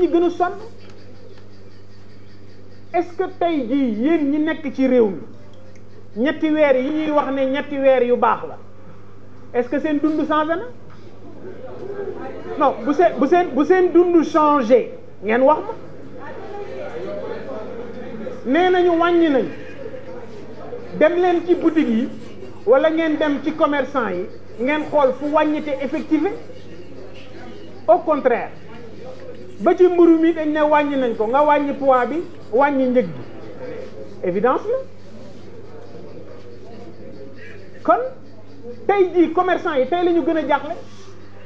nit gën a est-ce que tey jii yéen ñi nekk ci réew mi ñetti weer yi ñuy wax ne ñetti weer yu baax la est-ce que seen dund changé na non bu seen bu seen bu dund changé ngeen wax ma nee nañu wàññi nañ dem leen ci boutique yi wala ngeen dem ci commerçant yi ngeen xool fu wàññite effective au contraire ba ci mburu mi dañ ne wàññi nañ ko nga wàññi pois bi wàññi njëg bi évidence la kon tey jii commerçant yi tey la gën a jaaxle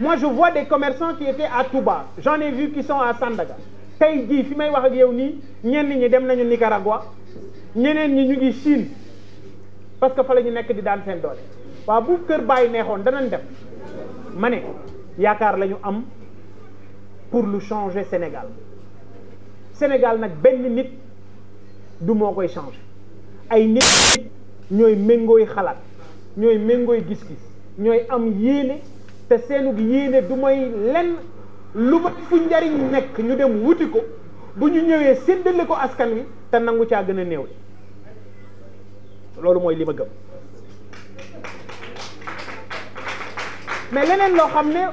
mois je vois de commerçants qui étaient à Touba j'en ai vu qui sont à Sandaga tey jii fi may wax ak yow nii ñenn ñi dem nañu Nicaragua ñeneen ñi ñu ngi Chine parce que fa la ñu nekk di daan seen doole waaw bu kër bàyyi neexoon danañ dem ma ne yaakaar lañu am pour lu changer Sénégal Sénégal nag benn nit du moo koy changer ay nit ñooy méngooy xalaat ñooy méngooy gis-gis ñooy am yéene te seenug yéene du mooy lenn lu ma fu njariñ nekk ñu dem wuti ko bu ñu ñëwee séddale ko askan wi te nangu caa gën a néew loolu mooy li ma gëm mais leneen loo xam ne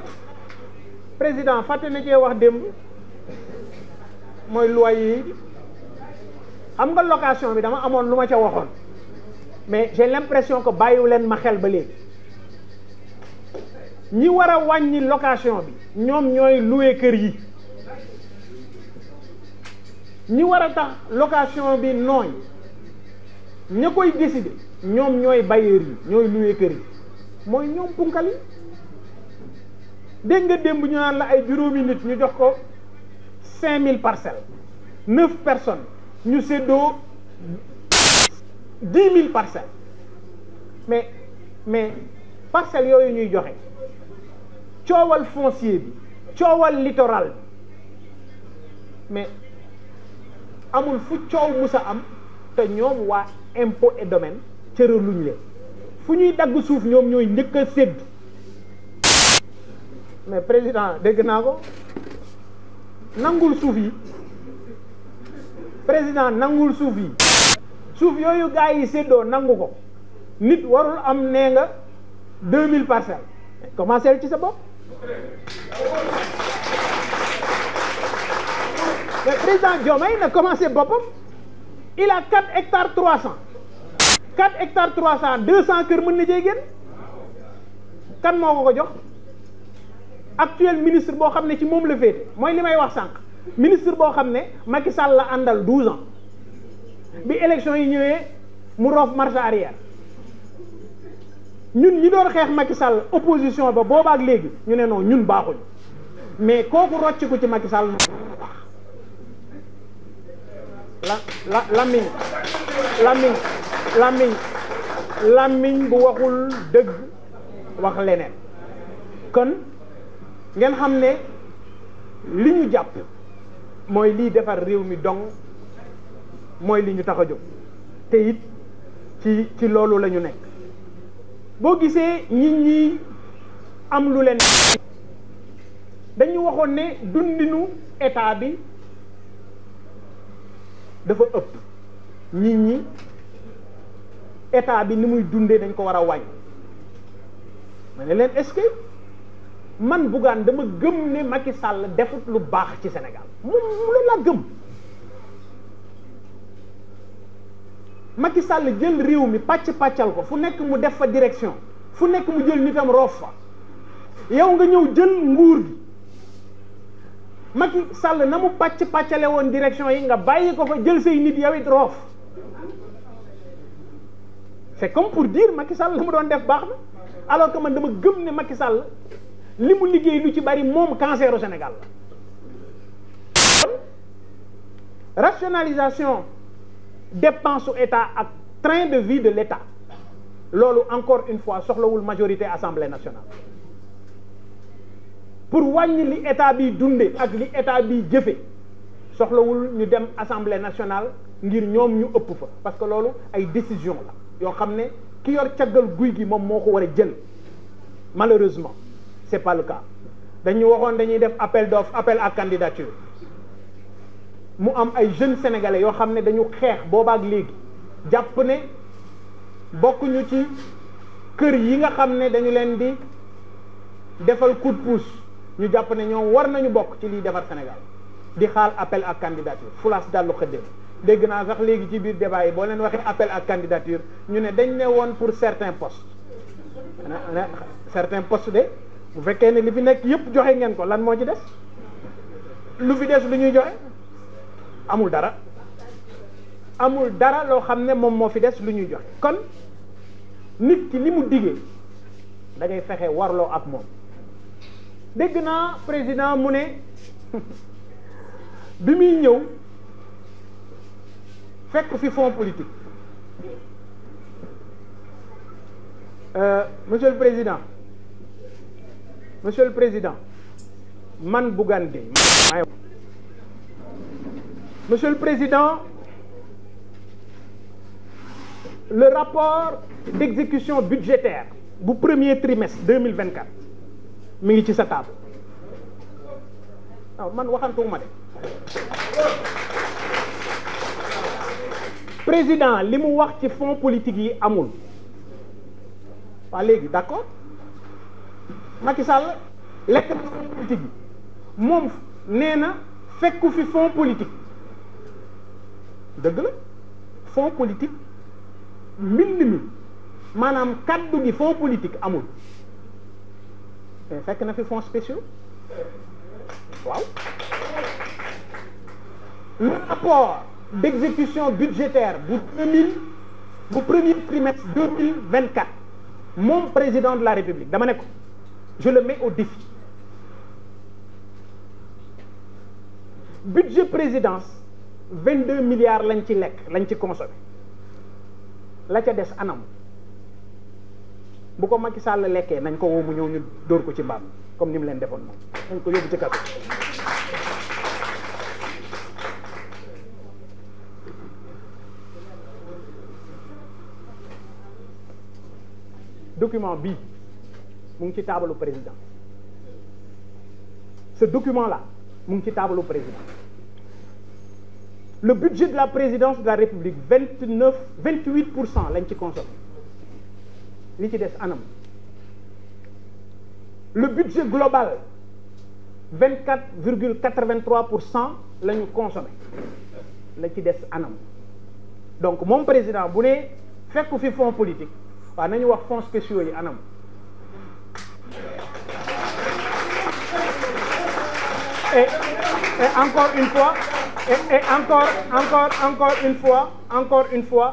président fàtte na cee wax démb mooy loi yi xam nga location bi dama amoon lu ma ca waxoon mais j'ai l'impression ko bàyyiwu leen ma xel ba léegi ñi war a wàññi location bi ñoom ñooy loué kër yi ñi war a tax location bi nooy ña koy décider ñoom ñooy bailleurs yi ñooy loué kër yi mooy ñoom punkali dégg nga démb ñu naan la ay juróomi nit ñu jox ko cinq mille parcelles neuf personnes ñu séddoo dix mille parcelles mais mais parcelles yooyu ñuy joxe coowal foncier bi coowal littoral bi mais amul fu coow musa am te ñoom waa impôt et domaine cëraluñ leen fu ñuy dagg suuf ñoom ñooy njëkk a mais président dégg naa ko nangul suuf yi président nangul suuf yi suuf yooyu gaa yi séddoo nangu ko nit warul am nee nga deux mille parcelles commencé ci sa bopp mais président Diomaye na commencé boppam il a quatre hectares trois cent quatre hectares trois cent deux cent kër mën na cee gën kan moo ko ko jox actuel ministre boo xam ne ci moom la féete mooy li may wax sànq ministre boo xam ne Macky Sall la àndal douze ans bi élection yi ñëwee mu roof marche arrière ñun ñi doon xeex Macky Sall opposition ba boobaak léegi ñu ne non ñun baaxuñ mais kooku rocc ko ci Macky Sall la la làmmiñ làmmiñ làmmiñ làmmiñ bu waxul dëgg wax leneen kon ngeen xam ne li ñu jàpp mooy liy defar réew mi dong mooy li ñu tax a jóg te it ci ci loolu la ñu nekk boo gisee nit ñi am lu leen dañu waxoon ne dundinu état bi dafa ëpp nit ñi état bi ni muy dundee dañ ko war a wàññi ne leen est-ce que man Bougane dama gëm ne Macky Sall defut lu baax ci Sénégal moom loolu laa gëm Macky jël réew mi pàcc pàccal ko fu nekk mu def fa direction fu nekk mu jël nitam roof fa yow nga ñëw jël nguur gi Macky Sall na mu pàcc pàccale woon direction yi nga bàyyi ko fa jël say nit yow it roof c'est comme pour dire Macky Sall la mu doon def baax na alors que man dama gëm ne Macky Sall li mu liggéey lu ci bari moom cancer au Sénégal la rationalisation dépense u état ak train de vie de l'état loolu encore une fois soxlawul majorité assemblée nationale pour wàññi li état bi dunde ak li état bi jëfe soxlawul ñu dem assemblée nationale ngir ñoom ñu ëpp fa parce que loolu ay décision la yoo xam ne ki yor caggal guy gi moom moo ko war a jël malheureusement c'est pas le cas dañu waxoon dañuy def appel d'offre appel ak candidature mu am ay jeunes sénégalais yoo xam ne dañu xeex boobaak léegi jàpp ne bokkuñu ci kër yi nga xam ne dañu leen di defal coup de pouce ñu jàpp ne ñoom war nañu bokk ci liy defar Sénégal di xaar appel à candidature fulaas dallu xëddéem dégg naa sax léegi ci biir débat yi boo leen waxee appel ak candidature ñu ne dañ ne woon pour certains postes certains postes de bu fekkee ne li fi nekk yëpp joxe ngeen ko lan moo ci des lu fi des lu ñuy joxe amul dara amul dara loo xam ne moom moo fi des lu ñuy joxe kon nit ki li mu digee da ngay fexe warloo ak moom dégg naa président mu ne bi muy ñëw fekk fi fond politique euh, monsieur président monsieur le président man Bougane Gueye maay monsieur le président le rapport d'exécution budgétaire bu premier trimestre 2024 mi ngi ci sa table man man waxantuwuma de président li mu wax ci fonds politique yi amul waa léegi d'accord Macky Sall lekk na fonds bi moom nee na fekku fi fonds politique dëgg la fonds politique mbind mi maanaam kaddu gi fonds politique amul mais fekk na fi fonds spéciaux waaw le rapport d'exécution budgétaire bu deux mille bu premier trimestre vingt quatre moom président de la république dama ne je le mets au défi budget présidence vingt deux milliards lañ ci lekk lañ ci consommé la ca des anam bu ko Macky sàll lekkee nañ ko woo mu ñëw ñu dóor ko ci mbaam comme ni leen defoon moom nañ ko yóbbu ci kaso document bii mu ngi ci taabalu président ce document la mu ngi ci taabalu président le budget de la présidence de la république vingt neuf vingt huit pour cent lañ ci consommé li ci des anam le budget global vingt quatre virgule quatre vingt trois pour cent la ñu consommé la ci des anam donc moom président bu ne fekku fi fonds politique waaw nañu wax fonds spéciaux yi anam et, et encore une fois, et, et encore, encore, encore une fois, encore une fois,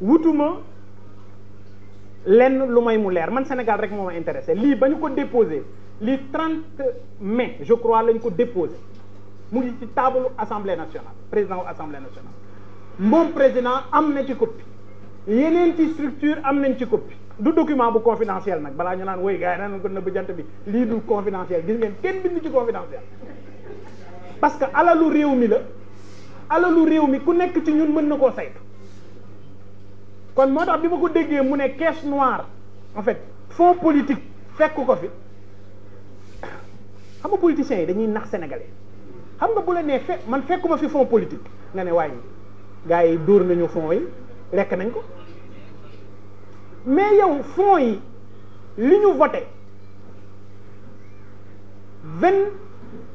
wutuma lenn lu may mu leer man Sénégal rek moo ma intéressé lii ba ko déposé lii 30 mais je crois lañ ko déposé mu ngi ci taabalu assemblée nationale président wu assemblée nationale moom président am na ci copie yeneen ci structure am nañ ci copie du document bu confidentiel nag balaa ñu naan woy gars yi naan ko nëbb jant bi lii du confidentiel gis ngeen kenn bind ci confidentiel parce que alalu réew mi la alalu réew mi ku nekk ci ñun mën na koo saytu kon moo tax bi ma ko déggee mu ne caisse noire en fait fonds politique fekk ko fi xam nga politiciens yi dañuy nax sénégalais xam nga bu la nee fekk man fekkuma fi fonds politique nga ne waaye gars yi dóor nañu fonds yi lekk nañ ko mais yow fonds yi li ñu voté vingt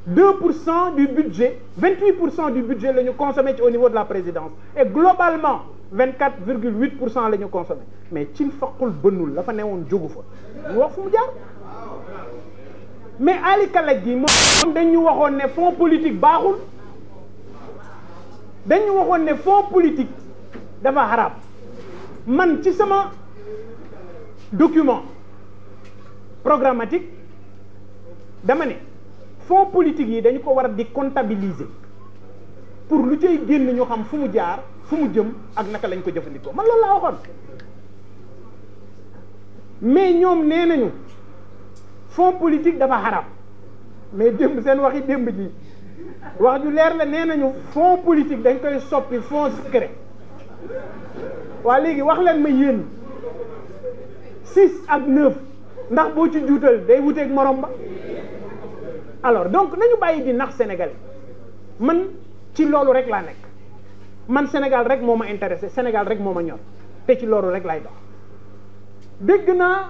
deux pour cent du budget vingt huit pour cent du budget la ñu consommé ci au niveau de la présidence et globalement vingt quatre virgule huit pour cent la ñu consommé mais cin faqul bënnul la fa newoon jógu fa ñu wax fu mu jaar mais Ali Kalaj gi moom dañu waxoon ne fonds politique baaxul dañu waxoon ne fonds politique dafa xaraab man ci sama document programmatique dama ne fonds politique yi dañu ko war a di comptabiliser pour lu cay génn ñu xam fu mu jaar fu mu jëm ak naka lañ ko jëfandikoo man loolu laa waxoon mais ñoom nee nañu fonds politique dafa xaram mais démb seen waxi démb ji wax ju leer la nee nañu fonds politique dañ koy soppi fonds secret waa léegi wax leen ma yéen. six ak neuf ndax boo ci juutal day wuteeg moroom ba alors donc nañu bàyyi di nax sénégalais man ci loolu rek laa nekk man Sénégal rek moo ma intéressé Sénégal rek moo ma ñor te ci loolu rek laay dox dégg naa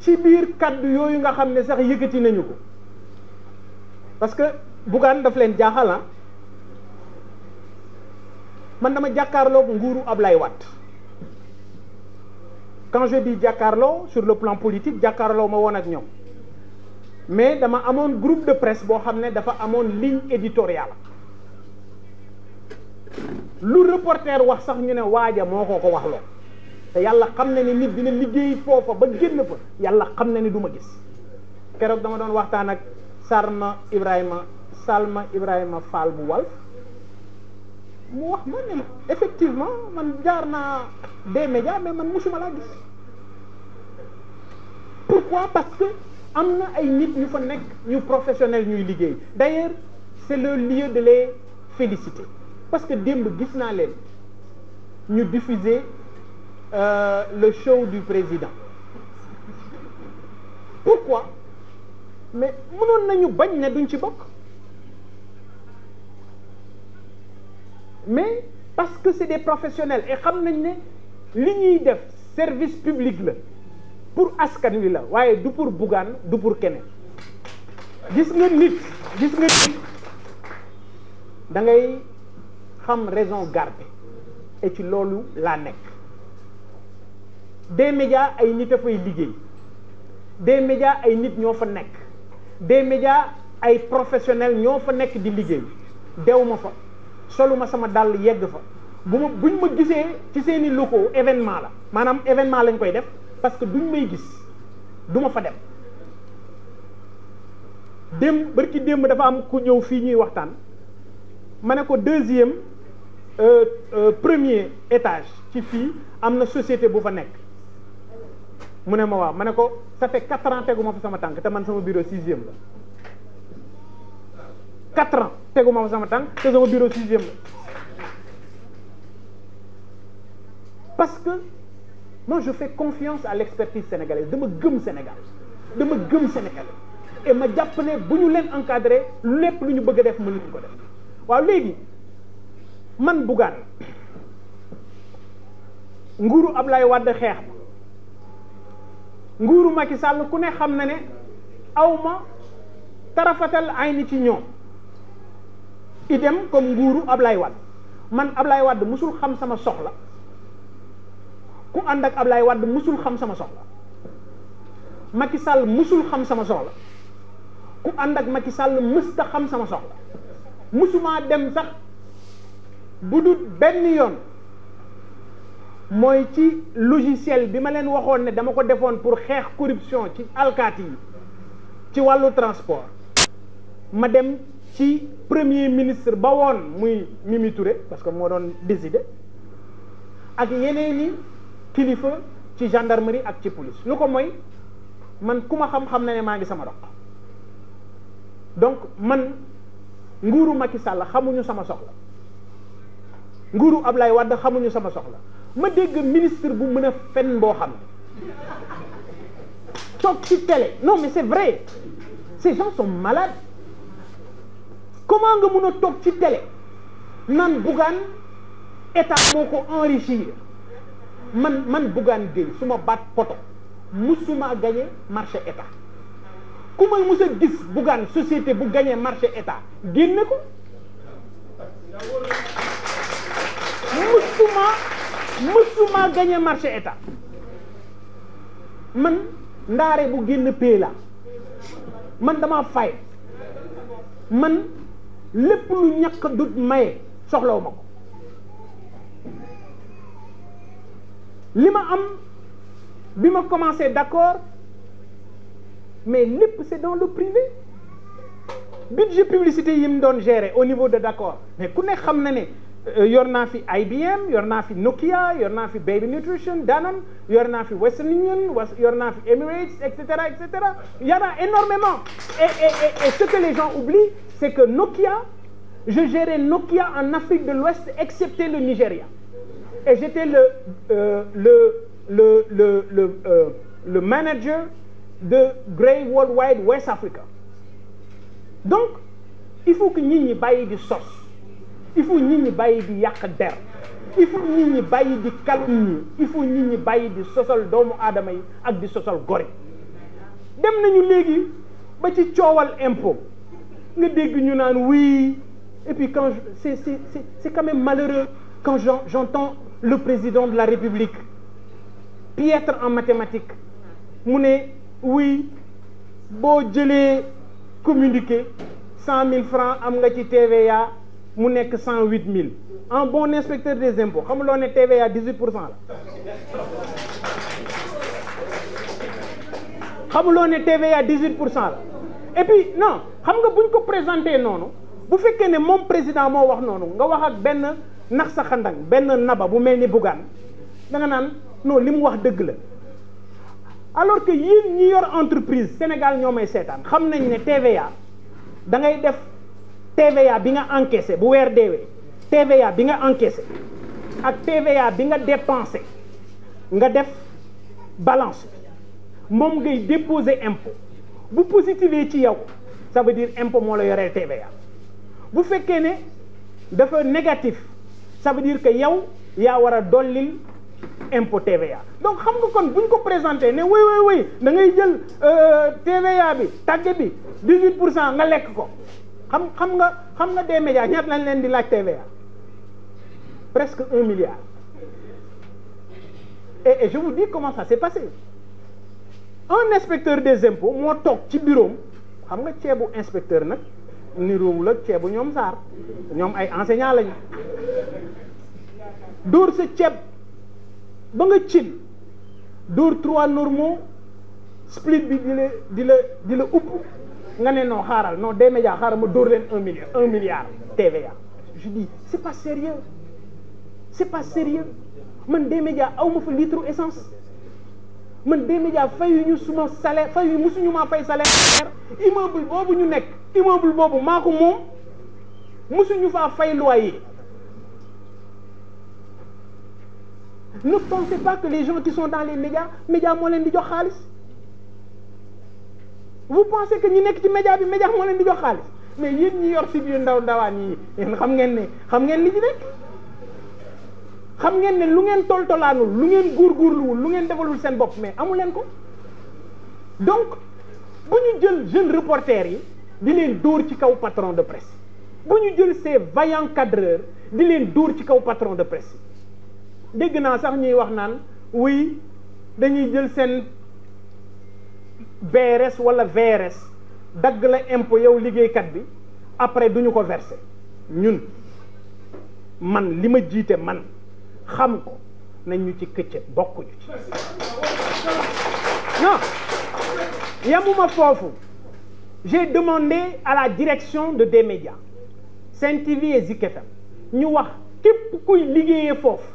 ci biir kaddu yooyu nga xam ne sax yëkkati nañu ko parce que Bougane daf leen jaaxal ah. man dama jàkkaarloog nguuru ab Ablaye Wade quand je dis jàkkaarloo sur le plan politique jàkkaarloo ma woon ak ñëw mais dama amoon groupe de presse boo xam ne dafa amoon ligne éditoriale lu reporter wax sax ñu ne waaja moo ko ko wax loo te yàlla xam na ni nit dina liggéey foofa ba génn fa yàlla xam na ni du ma gis keroog dama doon waxtaan ak Salma Ibrahima ma Ibrahima Fall bu wal mu wax ma ne ma effectivement man jaar naa des médias mais man musuma laa gis pourquoi parce que am na ay nit ñu fa nekk ñu professionnel ñuy liggéey d'ailleurs c'est le lieu de les féliciter parce que démb gis naa leen ñu diffuser euh, le show du président pourquoi mais mënoon nañu bañ ne duñ ci bokk mais parce que c'est des professionnels xam nañ ne li ñuy def service public la pour askan wi la waaye du pour Bougane du pour keneen gis nga nit gis nga nit da ngay xam raison garder et ci loolu laa nekk des médias ay nit a fay liggéey des médias ay nit ñoo fa nekk des médias ay professionnels ñoo fa nekk di liggéey dew ma fa soluma sama dàll yegg fa bu ma buñ ma gisee ci seen i locaux événement la maanaam événement lañ koy def parce que duñ may gis du ma fa dem démb barki démb dafa am ku ñëw fii ñuy waxtaan ma ne ko deuxième euh, euh, premier étage ci fii am na société bu fa nekk mu ne ma waaw ma ne ko ça fait quatre ans teguma fa sama tànk te man sama bureau sixième la quatre ans tegu ma sama tànk te sama bureau sixième la parce que moi je fais confiance à l'expertise sénégalaise dama gëm Sénégal dama gëm Sénégal et ma jàpp ne bu ñu leen encadré lu lépp lu ñu bëgg a def mënuñu ko def waaw léegi man Bougane nguuru lay Wade xeex ma nguuru Macky Sall ku ne xam na ne awma tarafatal ay ni ci ñoom idem comme nguuru Ablaye Wade man Ablaye Wade musul xam sama soxla ku ànd ak Ablaye Wade xam sama soxla Macky Sall musul xam sama soxla ku ànd ak Macky Sall mësta xam sama soxla musumaa dem sax bu dut benn yoon mooy ci logiciel bi ma leen waxoon ne dama ko defoon pour xeex corruption ci alkaati yi ci wàllu transport ma dem ci premier ministre ba woon muy Mimi Touré parce que moo doon décider ak yeneeni kilifa ci gendarmerie ak ci police lu ko mooy man ku ma xam-xam na ne maa ngi sama dox donc man nguuru Macky sàll xamuñu sama soxla nguuru lay Wade xamuñu sama soxla ma dégg ministre bu mën a fen boo xam ne toog ci télé non mais c'est vrai ces gens sont malades comment nga mun a toog ci télé nan Bougane état moo ko enrichir man man Bougane Gueye su ma baat poto musuma gagné marché état ku may mus a gis Bougane société bu gagné marché état génne ko musuma musuma gagné marché état man ndaare bu génn pay man dama fay man lépp lu ñàkk dut maye soxlaw ma ko li ma am bi ma commencé d'accord mais lépp c'est dans le privé budget publicité yi mu doon gérer au niveau de Dakar mais ku nekk xam na ne Euh, yor naa fi IBM yor naa fi Nokia yor naa fi Baby Nutrition Danone yor naa fi Western Union yor naa fi Emirates et cetera et cetera y en a énormément et, et, et, et ce que les gens oublient c'est que Nokia je gérais Nokia en Afrique de l'Ouest excepté le Nigeria et j'étais le, euh, le le le le euh, le manager de Grey Worldwide West Africa donc il faut que nit ñi bàyyi di sos il faut nit ñi bàyyi di yàq der il faut nit ñi bàyyi di calomnie il faut nit ñi bàyyi di sosal doomu aadama yi ak di sosal gore dem nañu léegi ba ci coowal impo nga dégg ñu naan oui et puis quand c'est c'est c'est quand même malheureux quand j'entends le président de la République piètre en mathématiques mu ne oui boo jëlee communiqué cent mille francs am nga ci TVA mu nekk cent huit mille un bon inspecteur des impôts xamuloo ne TVA dix pour cent xamuloo ne TVA dix huit pour cent la et puis non xam nga buñ ko présenté noonu bu fekkee ne moom président moo wax noonu nga wax ak benn nax sa xandang benn naba bu mel ni Bougane da nga naan non li mu wax dëgg la alors que yéen ñi yor entreprise Sénégal ñoo may seetaan xam nañ ne TVA da ngay def. TVA bi nga encaissé bu weer deewee TVA bi nga encaissé ak TVA bi nga dépensé nga def balance moom ngay déposer impôt bu positivé ci yow ça veut dire impôt moo la yoreel TVA bu fekkee ne dafa négatif ça veut dire que yow yaa war a dollil impôt TVA donc xam nga kon bu ñu ko présenté ne oui oui oui da ngay jël euh, TVA bi tàgge bi 18 pour cent nga lekk ko. xam xam nga xam nga des médias ñaata lañ leen di laaj TVA presque un milliard et, et je vous dis comment ça s'est passé un inspecteur des impôts moo toog ci bureau xam nga ceebu inspecteur nag niroowul ak ceebu ñoom saar ñoom ay enseignant lañu dóor sa ceeb ba nga cin dóor trois normaux split bi di la di la di la upp nga ne non xaaral non des médias xaaral ma dóor leen un milliard un milliard TVA je dis c'est pas sérieux c'est pas sérieux man des médias aw ma fa litre essence man des médias fayuñu suma salaire fayuñu musuñu maa fay salaire immeuble boobu ñu nekk immeuble boobu maa ko moom musuñu faa fay loyer ne pensez pas que les gens qui sont dans les médias médias moo leen di jox xaalis vous pensez que ñi nekk ci média bi média moo leen di jox xaalis mais yéen ñi yor site yu ndaw ndawaan yi yéen xam ngeen ne xam ngeen li ci nekk xam ngeen ne lu ngeen toltolaanul lu ngeen góor góorgóorluwul lu ngeen defalul seen bopp mais amu leen ko donc bu ñu jël jeune reporter yi di leen dóor ci kaw patron de presse bu ñu jël ces vaillants cadreurs di leen dóor ci kaw patron de presse dégg naa sax ñuy wax naan oui dañuy jël seen BRS wala VRS dagg la impôt yow liggéeykat bi après duñu ko verse ñun man li ma jiite man xam ko nañ ci këccëg bokkuñu ci yamuma foofu j'ai demandé à la direction de des médias Sen TV et Zik FM ñu wax képp kuy liggéeyee foofu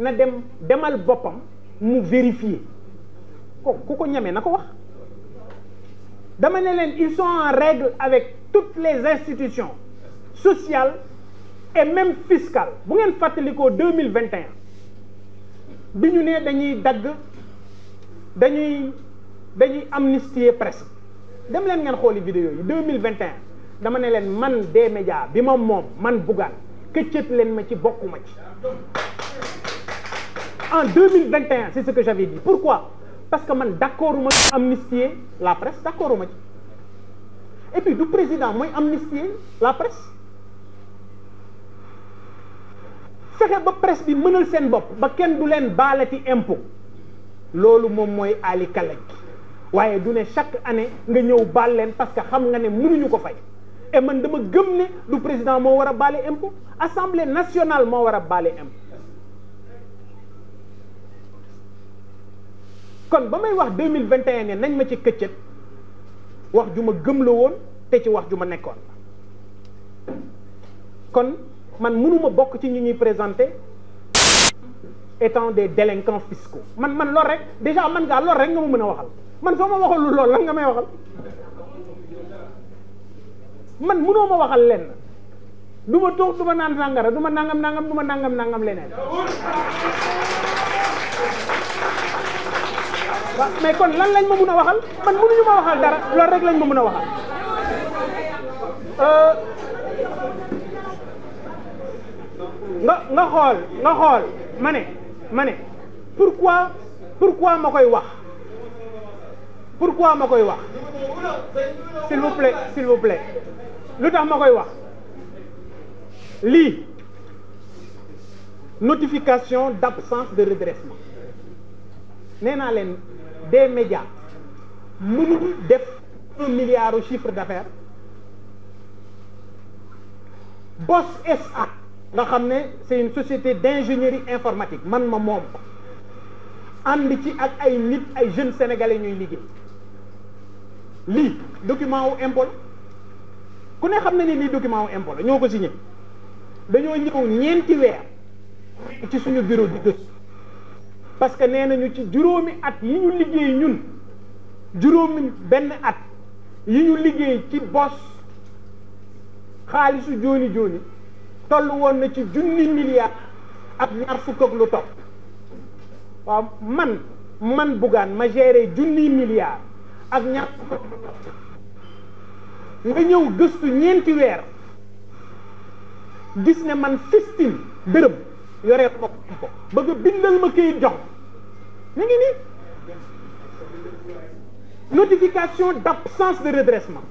na dem demal boppam mu vérifier ko ku ko ñemee na ko wax dama ne leen ils son en règle avec toutes les institutions sociales et même fiscales bu ngeen fàttalikoo deux mille vingt et bi ñu nee dañuy dagg dañuy dañuy amnistier presque dem leen ngeen xooli vidéo yi deux mille vingt et dama ne leen man des médias bi ma moom man Bougane këccët leen ma ci bokkuma ci en deux mille vingt et un c'est ce que j'avais dit pourquoi parce que man d'accorduma ci amnistier la presse d'accorduma ci et puis du président mooy am amnistier la presse fexe ba presse bi mënal seen bopp ba kenn du leen baalati impôt loolu moom mooy ali kalaj waaye du ne chaque année nga ñëw baal leen parce que xam nga ne mënuñu ko fay et man dama gëm ne du président moo war a baale impôt assemblée nationale moo war a baale impôt kon ba may wax deux mille vingt et un ne nañ ma ci këccët wax ju ma gëm la woon te ci wax ju ma nekkoon kon man mënuma bokk ci ñu ñuy présenté étant des délinquants fiscaux man man lool rek déjà man ngaa lool rek nga ma mën a waxal man soo ma waxal lu lool lan nga may waxal man mënoo ma waxal lenn du ma toog du ma naan sàngara du ma nangam nangam du ma nangam nangam leneen mais kon lan lañ ma mun a waxal man mënuñu ma waxal dara loolu rek lañ ma mun a waxal euh, nga nga xool nga xool ma ne ma ne pourquoi pourquoi ma koy wax pourquoi ma koy wax s'il vous plaît s'il vous plaît lu tax ma koy wax lii notification d'absence de redressement nee naa leen de média mënul def un milliard au chiffre d'affaires Boss SA nga xam ne c'est une société d'ingénierie informatique man ma moom ko ànd ci ak ay nit ay jeunes sénégalais ñuy liggéey lii document wu impôt ku ne xam ne ni lii document wu impôt ñoo ko signé dañoo ñëw ñeenti weer ci suñu bureau di gëstu parce que nee nañu ci juróomi at yi ñu liggéey ñun juróomi benn at yi ñu liggéey ci bos xaalisu jooni jooni toll woon na ci junni milliard ak ñaar lu topp waaw man man bugaan ma géré junni milliard ak ñaar nga ñëw gëstu ñeenti weer gis ne man fistin dërëm yoreet ma ko bëgg a bindal ma këyit jox mi ngi nii notification d' absence de redressement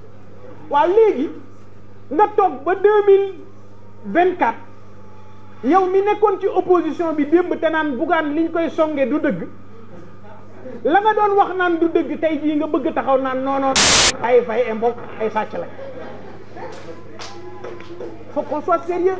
waaw léegi nga toog ba deux mille yow mi nekkoon ci opposition bi démb te naan bugaan liñ koy songe du dëgg la nga doon wax naan du dëgg tey jii nga bëgg taxaw naan noonoon ay fay impôt ay sàcc la faut qu'on sérieux